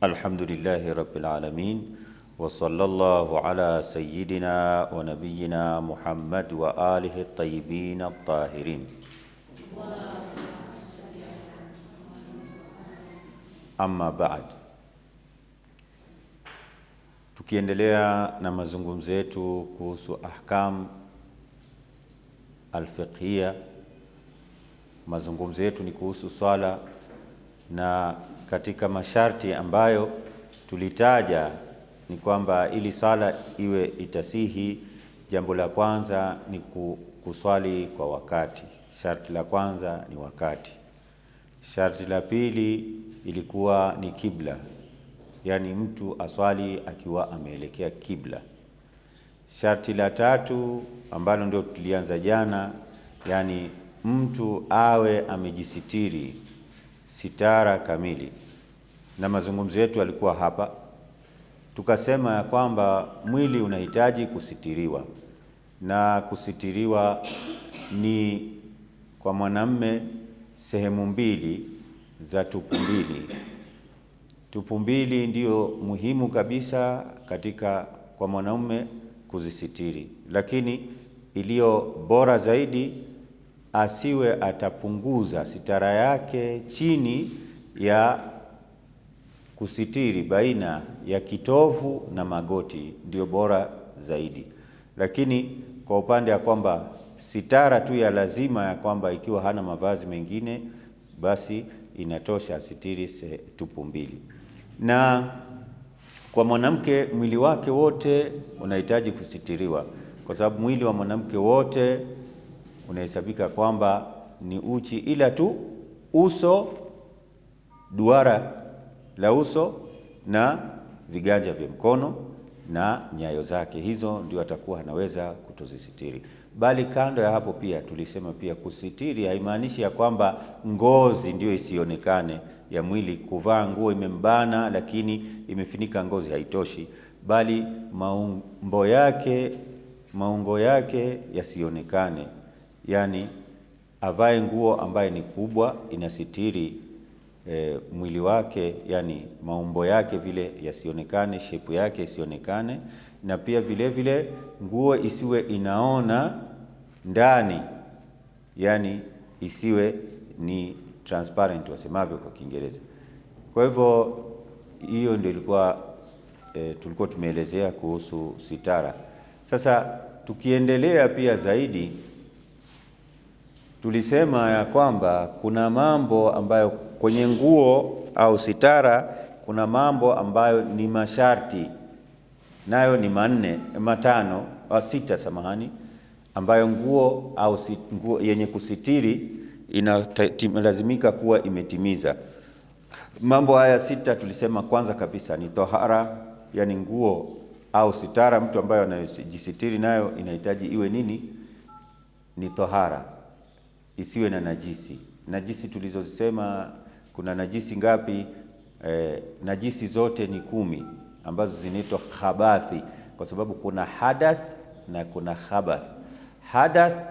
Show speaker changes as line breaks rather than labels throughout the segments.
Alhamdulillahi rabbil alamin wa sallallahu ala sayyidina wa nabiyyina Muhammad wa alihi tayyibin tahirin. Amma baad, tukiendelea na mazungumzo yetu kuhusu ahkam alfiqhiya, mazungumzo yetu ni kuhusu swala na katika masharti ambayo tulitaja ni kwamba ili sala iwe itasihi, jambo la kwanza ni kuswali kwa wakati. Sharti la kwanza ni wakati. Sharti la pili ilikuwa ni kibla, yaani mtu aswali akiwa ameelekea kibla. Sharti la tatu ambalo ndio tulianza jana, yaani mtu awe amejisitiri sitara kamili, na mazungumzo yetu yalikuwa hapa, tukasema ya kwamba mwili unahitaji kusitiriwa, na kusitiriwa ni kwa mwanamme sehemu mbili za tupu mbili. Tupu mbili ndio muhimu kabisa katika kwa mwanaume kuzisitiri, lakini iliyo bora zaidi asiwe atapunguza sitara yake chini ya kusitiri baina ya kitovu na magoti, ndio bora zaidi. Lakini kwa upande ya kwamba sitara tu ya lazima ya kwamba ikiwa hana mavazi mengine, basi inatosha asitiri se tupu mbili. Na kwa mwanamke mwili wake wote unahitaji kusitiriwa, kwa sababu mwili wa mwanamke wote unahesabika kwamba ni uchi, ila tu uso, duara la uso na viganja vya mkono na nyayo zake, hizo ndio atakuwa anaweza kutozisitiri. Bali kando ya hapo pia tulisema pia kusitiri haimaanishi ya kwamba ngozi ndiyo isionekane ya mwili. Kuvaa nguo imembana lakini imefinika ngozi haitoshi, bali maumbo yake maungo yake yasionekane yani avae nguo ambaye ni kubwa inasitiri e, mwili wake yani maumbo yake vile yasionekane, shepu yake isionekane, na pia vile vile nguo isiwe inaona ndani, yani isiwe ni transparent wasemavyo kwa Kiingereza. Kwa hivyo hiyo ndio ilikuwa e, tulikuwa tumeelezea kuhusu sitara. Sasa tukiendelea pia zaidi tulisema ya kwamba kuna mambo ambayo kwenye nguo au sitara, kuna mambo ambayo ni masharti, nayo ni manne matano au sita, samahani, ambayo nguo au sit, nguo yenye kusitiri inalazimika kuwa imetimiza mambo haya sita. Tulisema kwanza kabisa ni tohara, yani nguo au sitara, mtu ambayo anajisitiri nayo inahitaji iwe nini? Ni tohara isiwe na najisi. Najisi tulizozisema kuna najisi ngapi? E, najisi zote ni kumi ambazo zinaitwa khabathi, kwa sababu kuna hadath na kuna khabath. Hadath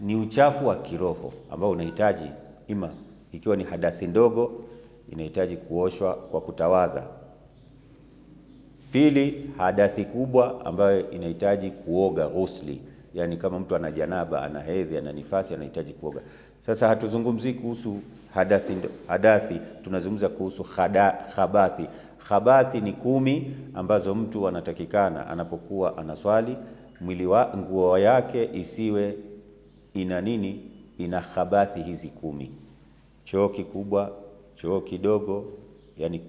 ni uchafu wa kiroho ambao unahitaji ima, ikiwa ni hadathi ndogo inahitaji kuoshwa kwa kutawadha. Pili, hadathi kubwa ambayo inahitaji kuoga ghusli yani kama mtu ana janaba, ana hedhi, ana nifasi, anahitaji kuoga. Sasa hatuzungumzii kuhusu hadathi, hadathi tunazungumza kuhusu khada, khabathi. Khabathi ni kumi ambazo mtu anatakikana anapokuwa anaswali mwili wa nguo yake isiwe ina nini, ina khabathi hizi kumi: choo kikubwa, choo kidogo, yani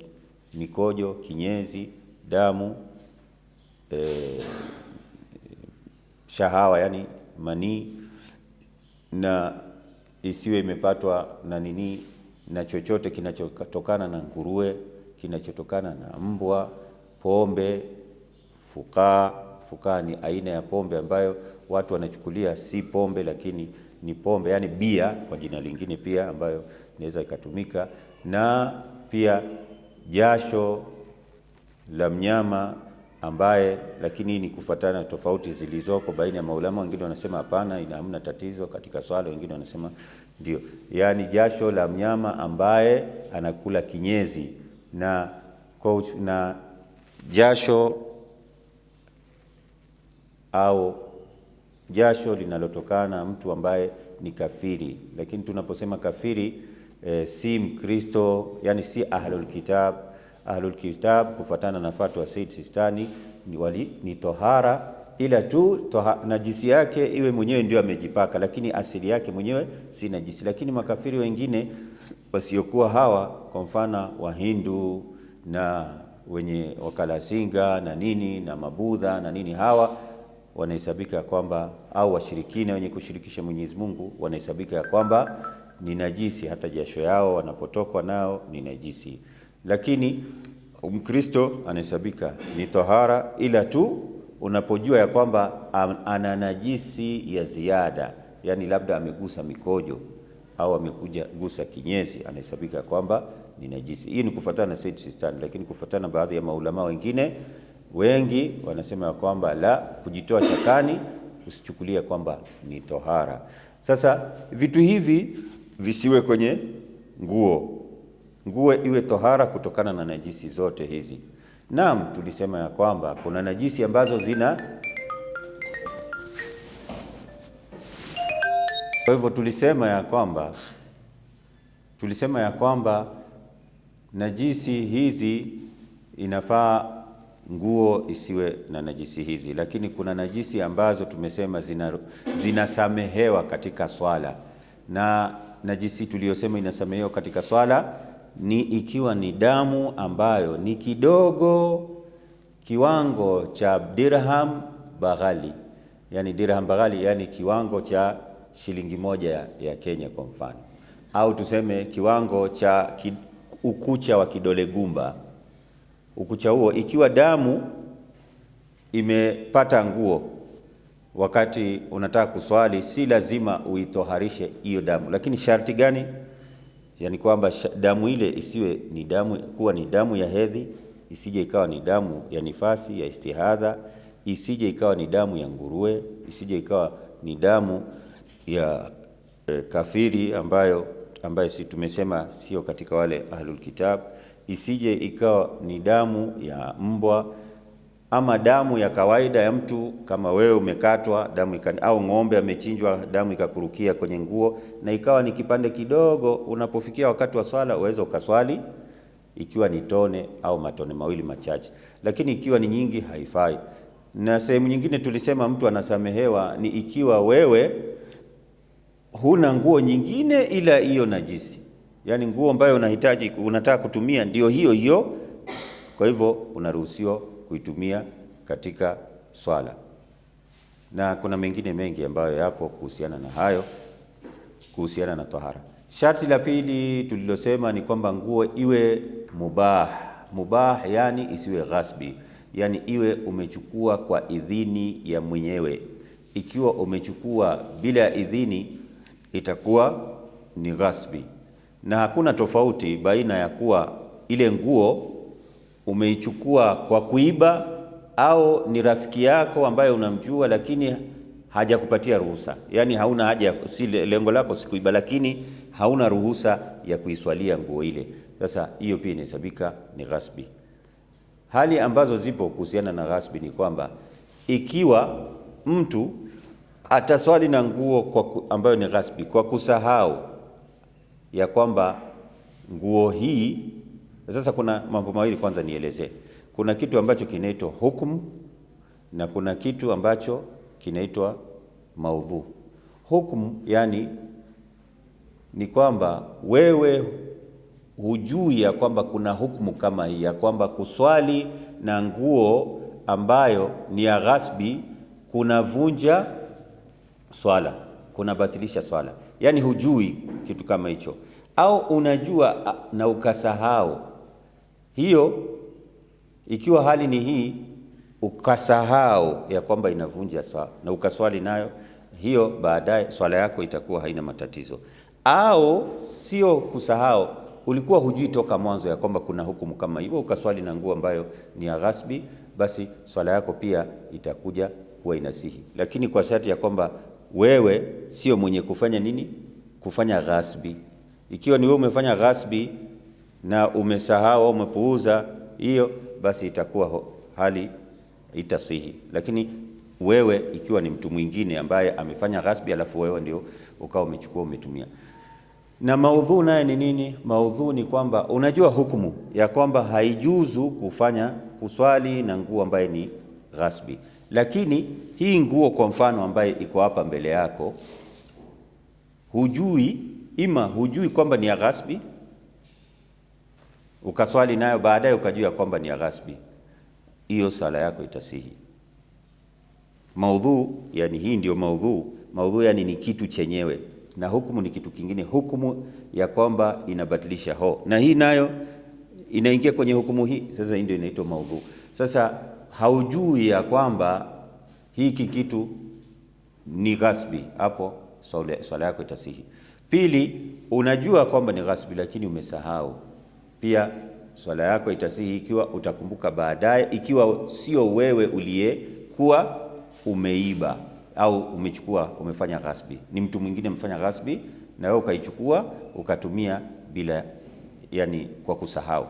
mikojo, kinyezi, damu eh, shahawa, yani manii, na isiwe imepatwa na nini na chochote kinachotokana na nguruwe, kinachotokana na mbwa, pombe, fukaa. Fukaa ni aina ya pombe ambayo watu wanachukulia si pombe, lakini ni pombe, yani bia kwa jina lingine pia, ambayo inaweza ikatumika, na pia jasho la mnyama ambaye lakini ni kufuatana tofauti zilizoko baina ya maulama. Wengine wanasema hapana, ina hamna tatizo katika swala, wengine wanasema ndio, yaani jasho la mnyama ambaye anakula kinyezi na, na jasho au jasho linalotokana mtu ambaye ni kafiri. Lakini tunaposema kafiri e, si Mkristo, yani si ahlul kitab Ahlul Kitab kufatana na fatwa Said Sistani ni tohara, ila tu toha, najisi yake iwe mwenyewe ndio amejipaka, lakini asili yake mwenyewe si najisi. Lakini makafiri wengine wasiokuwa hawa, kwa mfano Wahindu na wenye wakalasinga na nini na mabudha na nini, hawa wanahesabika kwamba au washirikina wenye kushirikisha Mwenyezi Mungu wanahesabika kwamba ni najisi, hata jasho yao wanapotokwa nao ni najisi lakini Mkristo anahesabika ni tohara ila tu unapojua ya kwamba ana najisi ya ziada, yaani labda amegusa mikojo au amekuja gusa kinyezi anahesabika kwamba ni najisi. Hii ni kufuatana na Said Sistani, lakini kufuatana baadhi ya maulama wengine wengi wanasema ya kwamba la kujitoa chakani usichukulia kwamba ni tohara. Sasa vitu hivi visiwe kwenye nguo nguo iwe tohara kutokana na najisi zote hizi. Naam, tulisema ya kwamba kuna najisi ambazo zina kwa hivyo tulisema ya kwamba tulisema ya kwamba najisi hizi inafaa nguo isiwe na najisi hizi, lakini kuna najisi ambazo tumesema zina, zinasamehewa katika swala, na najisi tuliyosema inasamehewa katika swala ni ikiwa ni damu ambayo ni kidogo kiwango cha dirham baghali, yani dirham baghali, yani kiwango cha shilingi moja ya Kenya kwa mfano, au tuseme kiwango cha ki, ukucha wa kidole gumba. Ukucha huo ikiwa damu imepata nguo, wakati unataka kuswali, si lazima uitoharishe hiyo damu, lakini sharti gani? yani kwamba damu ile isiwe ni damu, kuwa ni damu ya hedhi, isije ikawa ni damu ya nifasi ya istihadha, isije ikawa ni damu ya nguruwe, isije ikawa ni damu ya e, kafiri ambayo ambayo si tumesema sio katika wale ahlul kitab, isije ikawa ni damu ya mbwa ama damu ya kawaida ya mtu kama wewe umekatwa damu ikani, au ng'ombe amechinjwa damu ikakurukia kwenye nguo na ikawa ni kipande kidogo, unapofikia wakati wa swala uweze ukaswali ikiwa ni tone au matone mawili machache, lakini ikiwa ni nyingi haifai. Na sehemu nyingine tulisema mtu anasamehewa ni ikiwa wewe huna nguo nyingine ila hiyo najisi, yaani nguo ambayo unahitaji unataka kutumia ndio hiyo hiyo, kwa hivyo unaruhusiwa kuitumia katika swala, na kuna mengine mengi ambayo yapo kuhusiana na hayo, kuhusiana na tahara. Sharti la pili tulilosema ni kwamba nguo iwe mubah. Mubah yani isiwe ghasbi, yani iwe umechukua kwa idhini ya mwenyewe. Ikiwa umechukua bila ya idhini, itakuwa ni ghasbi, na hakuna tofauti baina ya kuwa ile nguo umeichukua kwa kuiba au ni rafiki yako ambaye unamjua lakini hajakupatia ruhusa, yaani hauna haja, si lengo lako si kuiba, lakini hauna ruhusa ya kuiswalia nguo ile. Sasa hiyo pia inahesabika ni ghasbi. Hali ambazo zipo kuhusiana na ghasbi ni kwamba ikiwa mtu ataswali na nguo kwa ambayo ni ghasbi kwa kusahau ya kwamba nguo hii sasa kuna mambo mawili, kwanza nielezee, kuna kitu ambacho kinaitwa hukumu na kuna kitu ambacho kinaitwa maudhu. Hukumu yani ni kwamba wewe hujui ya kwamba kuna hukumu kama hii ya kwamba kuswali na nguo ambayo ni ya ghasbi kunavunja swala, kunabatilisha swala, yani hujui kitu kama hicho, au unajua na ukasahau hiyo ikiwa hali ni hii, ukasahau ya kwamba inavunja saa na ukaswali nayo, hiyo baadaye swala yako itakuwa haina matatizo. Au sio kusahau, ulikuwa hujui toka mwanzo ya kwamba kuna hukumu kama hivyo, ukaswali na nguo ambayo ni ya ghasbi, basi swala yako pia itakuja kuwa inasihi, lakini kwa sharti ya kwamba wewe sio mwenye kufanya nini, kufanya ghasbi. Ikiwa ni wewe umefanya ghasbi na umesahau umepuuza hiyo, basi itakuwa hali itasihi. Lakini wewe ikiwa ni mtu mwingine ambaye amefanya ghasbi, alafu wewe ndio ukawa umechukua umetumia. Na maudhu naye ni nini? Maudhu ni kwamba unajua hukumu ya kwamba haijuzu kufanya kuswali na nguo ambaye ni ghasbi, lakini hii nguo kwa mfano ambaye iko hapa mbele yako, hujui ima hujui kwamba ni ya ghasbi ukaswali nayo baadaye ukajua kwamba ni ya ghasbi, hiyo sala yako itasihi. Maudhu yani hii ndio maudhu. Maudhu yani ni kitu chenyewe, na hukumu ni kitu kingine. Hukumu ya kwamba inabatilisha ho, na hii nayo inaingia kwenye hukumu hii. Sasa hii ndio inaitwa maudhu. Sasa haujui ya kwamba hiki kitu ni ghasbi, hapo swala yako itasihi. Pili, unajua kwamba ni ghasbi, lakini umesahau pia swala yako itasihi ikiwa utakumbuka baadaye, ikiwa sio wewe uliyekuwa umeiba au umechukua, umefanya ghasbi, ni mtu mwingine amefanya ghasbi na wewe ukaichukua ukatumia bila, yani kwa kusahau.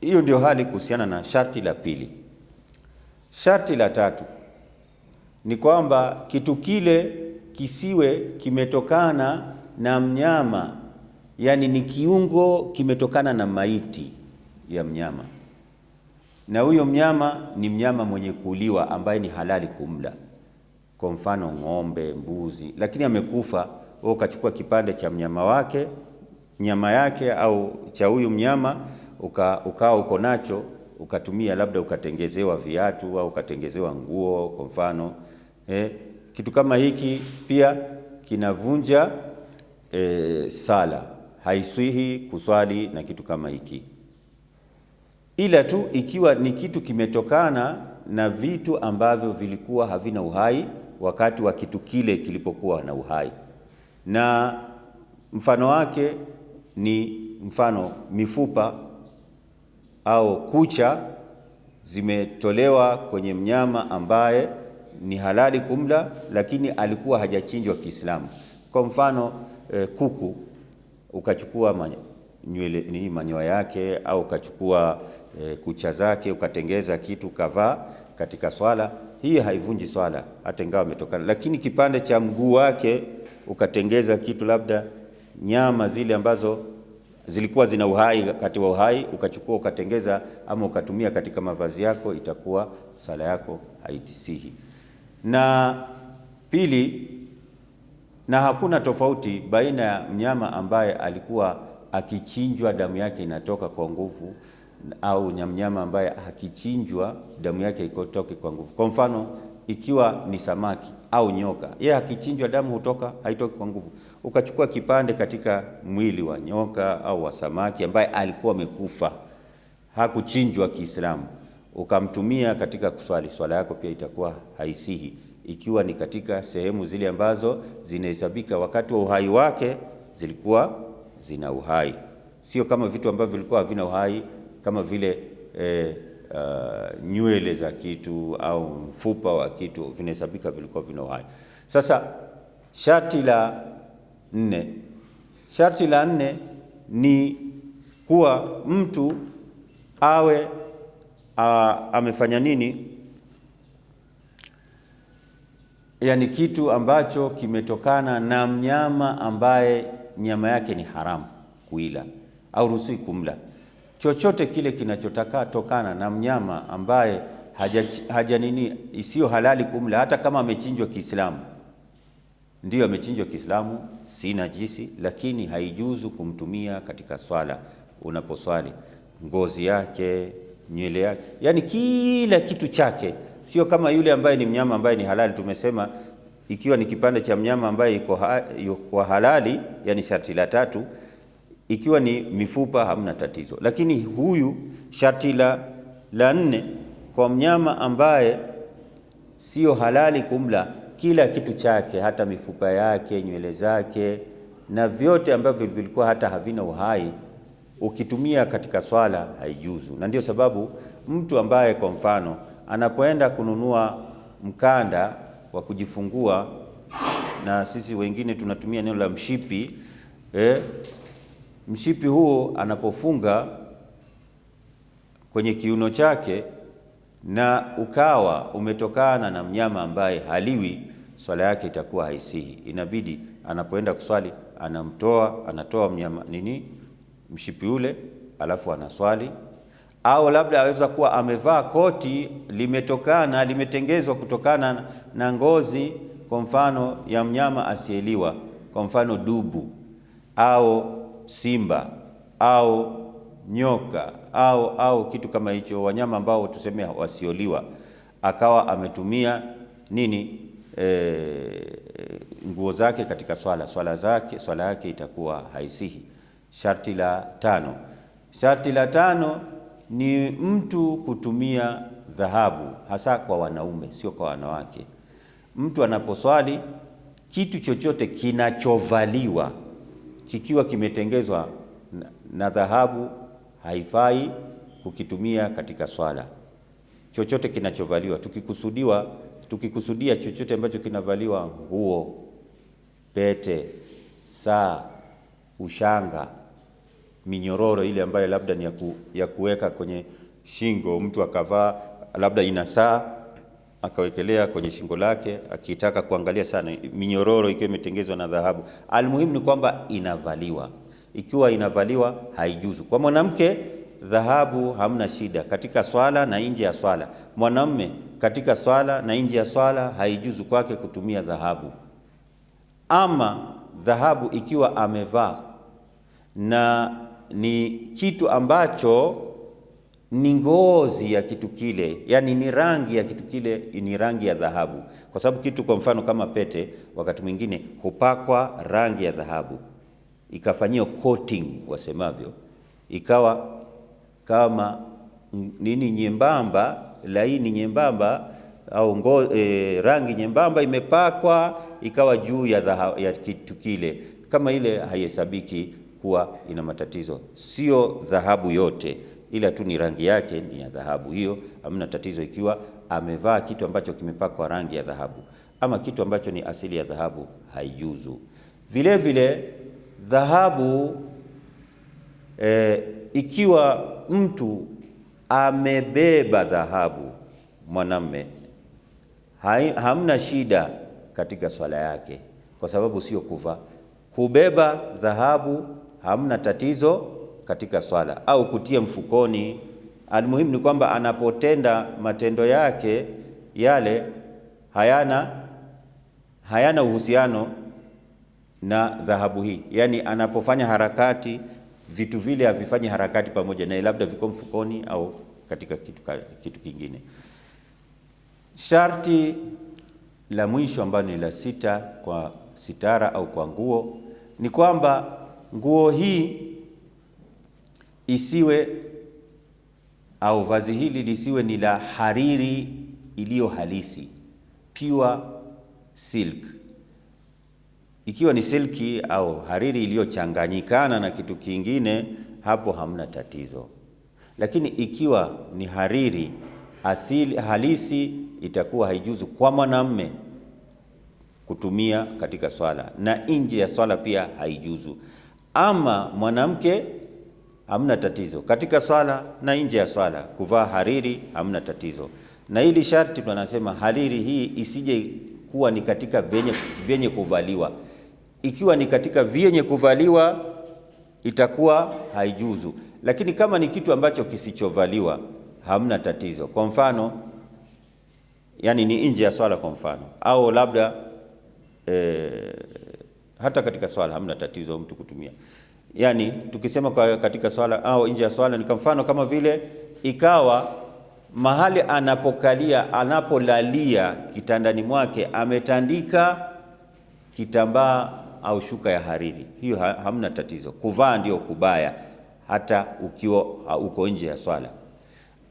Hiyo ndio hali kuhusiana na sharti la pili. Sharti la tatu ni kwamba kitu kile kisiwe kimetokana na mnyama yaani ni kiungo kimetokana na maiti ya mnyama, na huyo mnyama ni mnyama mwenye kuliwa ambaye ni halali kumla, kwa mfano ng'ombe, mbuzi, lakini amekufa, wewe ukachukua kipande cha mnyama wake nyama yake au cha huyu mnyama ukawa uko nacho ukatumia, labda ukatengezewa viatu au ukatengezewa nguo kwa mfano eh, kitu kama hiki pia kinavunja eh, sala haiswihi kuswali na kitu kama hiki, ila tu ikiwa ni kitu kimetokana na vitu ambavyo vilikuwa havina uhai wakati wa kitu kile kilipokuwa na uhai. Na mfano wake ni mfano mifupa au kucha zimetolewa kwenye mnyama ambaye ni halali kumla, lakini alikuwa hajachinjwa Kiislamu. Kwa mfano eh, kuku ukachukua nywele ni manyoya yake au ukachukua e, kucha zake ukatengeza kitu ukavaa katika swala, hii haivunji swala hata ingawa ametokana. Lakini kipande cha mguu wake ukatengeza kitu, labda nyama zile ambazo zilikuwa zina uhai wakati wa uhai, ukachukua ukatengeza ama ukatumia katika mavazi yako, itakuwa sala yako haitisihi. Na pili na hakuna tofauti baina ya mnyama ambaye alikuwa akichinjwa damu yake inatoka kwa nguvu au mnyama ambaye hakichinjwa damu yake ikotoke kwa nguvu. Kwa mfano, ikiwa ni samaki au nyoka, yeye akichinjwa damu hutoka haitoki kwa nguvu. Ukachukua kipande katika mwili wa nyoka au wa samaki ambaye alikuwa amekufa, hakuchinjwa Kiislamu, ukamtumia katika kuswali, swala yako pia itakuwa haisihi ikiwa ni katika sehemu zile ambazo zinahesabika wakati wa uhai wake zilikuwa zina uhai, sio kama vitu ambavyo vilikuwa havina uhai kama vile e, uh, nywele za kitu au mfupa wa kitu vinahesabika vilikuwa vina uhai. Sasa sharti la nne, sharti la nne ni kuwa mtu awe a, uh, amefanya nini yani kitu ambacho kimetokana na mnyama ambaye nyama yake ni haramu kuila au ruhusi kumla. Chochote kile kinachotaka tokana na mnyama ambaye haja, haja nini isiyo halali kumla, hata kama amechinjwa Kiislamu, ndiyo amechinjwa Kiislamu, si najisi, lakini haijuzu kumtumia katika swala unaposwali ngozi yake nywele yake, yaani kila kitu chake, sio kama yule ambaye ni mnyama ambaye ni halali. Tumesema ikiwa ni kipande cha mnyama ambaye iko halali, yani sharti la tatu, ikiwa ni mifupa hamna tatizo, lakini huyu sharti la, la nne kwa mnyama ambaye sio halali kumla, kila kitu chake, hata mifupa yake, nywele zake na vyote ambavyo vilikuwa hata havina uhai ukitumia katika swala haijuzu, na ndio sababu mtu ambaye kwa mfano anapoenda kununua mkanda wa kujifungua, na sisi wengine tunatumia neno la mshipi eh, mshipi huo anapofunga kwenye kiuno chake na ukawa umetokana na mnyama ambaye haliwi, swala yake itakuwa haisihi. Inabidi anapoenda kuswali anamtoa, anatoa mnyama nini mshipi yule, alafu anaswali au labda aweza kuwa amevaa koti limetokana limetengezwa kutokana na ngozi, kwa mfano ya mnyama asieliwa kwa mfano dubu au simba au nyoka au au kitu kama hicho, wanyama ambao tuseme wasioliwa, akawa ametumia nini e, nguo zake katika swala swala zake swala yake itakuwa haisihi. Sharti la tano, sharti la tano ni mtu kutumia dhahabu, hasa kwa wanaume, sio kwa wanawake. Mtu anaposwali, kitu chochote kinachovaliwa kikiwa kimetengezwa na dhahabu haifai kukitumia katika swala. Chochote kinachovaliwa, tukikusudiwa, tukikusudia chochote ambacho kinavaliwa, nguo, pete, saa, ushanga minyororo ile ambayo labda ni ya kuweka kwenye shingo, mtu akavaa labda ina saa akawekelea kwenye shingo lake, akitaka kuangalia sana, minyororo ikiwa imetengenezwa na dhahabu. Almuhimu ni kwamba inavaliwa. Ikiwa inavaliwa haijuzu kwa mwanamke. Dhahabu hamna shida katika swala na nje ya swala. Mwanamme katika swala na nje ya swala haijuzu kwake kutumia dhahabu. Ama dhahabu ikiwa amevaa na ni kitu ambacho ni ngozi ya kitu kile, yani ni rangi ya kitu kile, ni rangi ya dhahabu, kwa sababu kitu, kwa mfano kama pete, wakati mwingine hupakwa rangi ya dhahabu ikafanyia coating wasemavyo, ikawa kama nini nyembamba, laini nyembamba au ngo, e, rangi nyembamba imepakwa ikawa juu ya, ya kitu kile, kama ile haihesabiki huwa ina matatizo. Sio dhahabu yote, ila tu ni rangi yake ni ya dhahabu, hiyo hamna tatizo. Ikiwa amevaa kitu ambacho kimepakwa rangi ya dhahabu ama kitu ambacho ni asili ya dhahabu, haijuzu. Vile vile dhahabu e, ikiwa mtu amebeba dhahabu mwanamme, hamna shida katika swala yake, kwa sababu sio kuvaa. Kubeba dhahabu hamna tatizo katika swala au kutia mfukoni. Almuhimu ni kwamba anapotenda matendo yake yale hayana hayana uhusiano na dhahabu hii, yaani anapofanya harakati vitu vile havifanyi harakati pamoja naye, labda viko mfukoni au katika kitu, kitu kingine. Sharti la mwisho ambalo ni la sita kwa sitara au kwa nguo ni kwamba nguo hii isiwe au vazi hili lisiwe ni la hariri iliyo halisi, pure silk. Ikiwa ni silki au hariri iliyochanganyikana na kitu kingine, hapo hamna tatizo, lakini ikiwa ni hariri asili halisi, itakuwa haijuzu kwa mwanamme kutumia katika swala, na nje ya swala pia haijuzu. Ama mwanamke hamna tatizo katika swala na nje ya swala, kuvaa hariri hamna tatizo, na ili sharti tunasema hariri hii isije kuwa ni katika vyenye, vyenye kuvaliwa. Ikiwa ni katika vyenye kuvaliwa itakuwa haijuzu, lakini kama ni kitu ambacho kisichovaliwa hamna tatizo. Kwa mfano, yani ni nje ya swala kwa mfano, au labda eh, hata katika swala hamna tatizo mtu kutumia, yani tukisema kwa katika swala au nje ya swala, ni kwa mfano kama vile ikawa mahali anapokalia anapolalia kitandani mwake ametandika kitambaa au shuka ya hariri, hiyo hamna tatizo. Kuvaa ndio kubaya, hata ukiwa uko nje ya swala.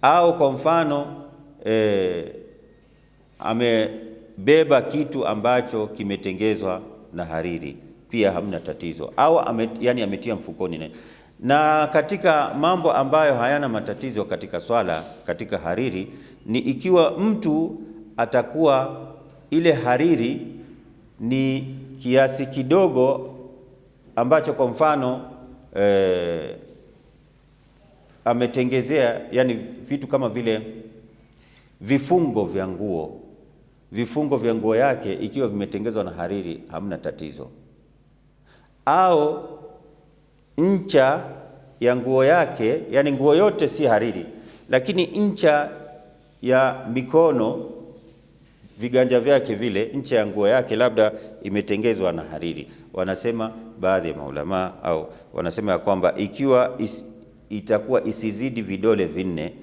Au kwa mfano e, amebeba kitu ambacho kimetengezwa na hariri pia hamna tatizo, au amet, yani ametia mfukoni na, na katika mambo ambayo hayana matatizo katika swala, katika hariri ni ikiwa mtu atakuwa ile hariri ni kiasi kidogo ambacho kwa mfano eh, ametengezea yani vitu kama vile vifungo vya nguo vifungo vya nguo yake ikiwa vimetengezwa na hariri, hamna tatizo. Au ncha ya nguo yake, yani nguo yote si hariri, lakini ncha ya mikono, viganja vyake vile, ncha ya nguo yake labda imetengezwa na hariri. Wanasema baadhi ya maulamaa au wanasema ya kwamba ikiwa is, itakuwa isizidi vidole vinne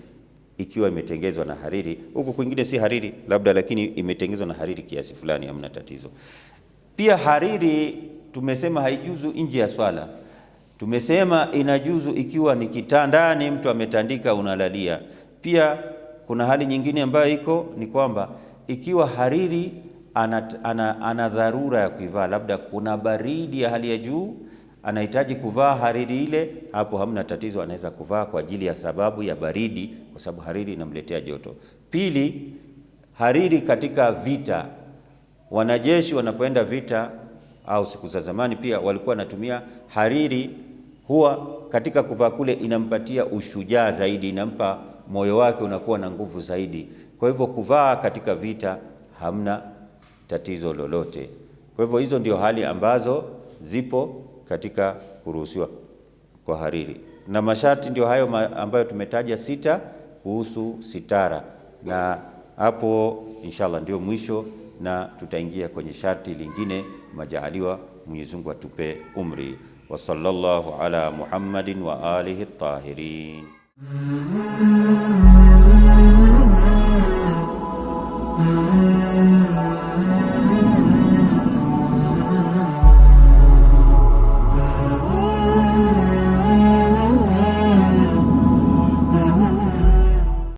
ikiwa imetengezwa na hariri, huku kwingine si hariri labda, lakini imetengezwa na hariri kiasi fulani, hamna tatizo. Pia hariri tumesema haijuzu nje ya swala. Tumesema inajuzu ikiwa ni kitandani, mtu ametandika, unalalia. Pia kuna hali nyingine ambayo iko ni kwamba ikiwa hariri ana, ana, ana dharura ya kuivaa, labda kuna baridi ya hali ya juu anahitaji kuvaa hariri ile, hapo hamna tatizo, anaweza kuvaa kwa ajili ya sababu ya baridi, kwa sababu hariri inamletea joto. Pili, hariri katika vita, wanajeshi wanapoenda vita au siku za zamani pia walikuwa wanatumia hariri, huwa katika kuvaa kule inampatia ushujaa zaidi, inampa moyo wake unakuwa na nguvu zaidi. Kwa hivyo kuvaa katika vita hamna tatizo lolote. Kwa hivyo hizo ndio hali ambazo zipo katika kuruhusiwa kwa hariri, na masharti ndio hayo ambayo tumetaja sita kuhusu sitara, na hapo inshallah ndio mwisho, na tutaingia kwenye sharti lingine majaaliwa Mwenyezi Mungu atupe umri. Wa sallallahu ala Muhammadin wa alihi tahirin.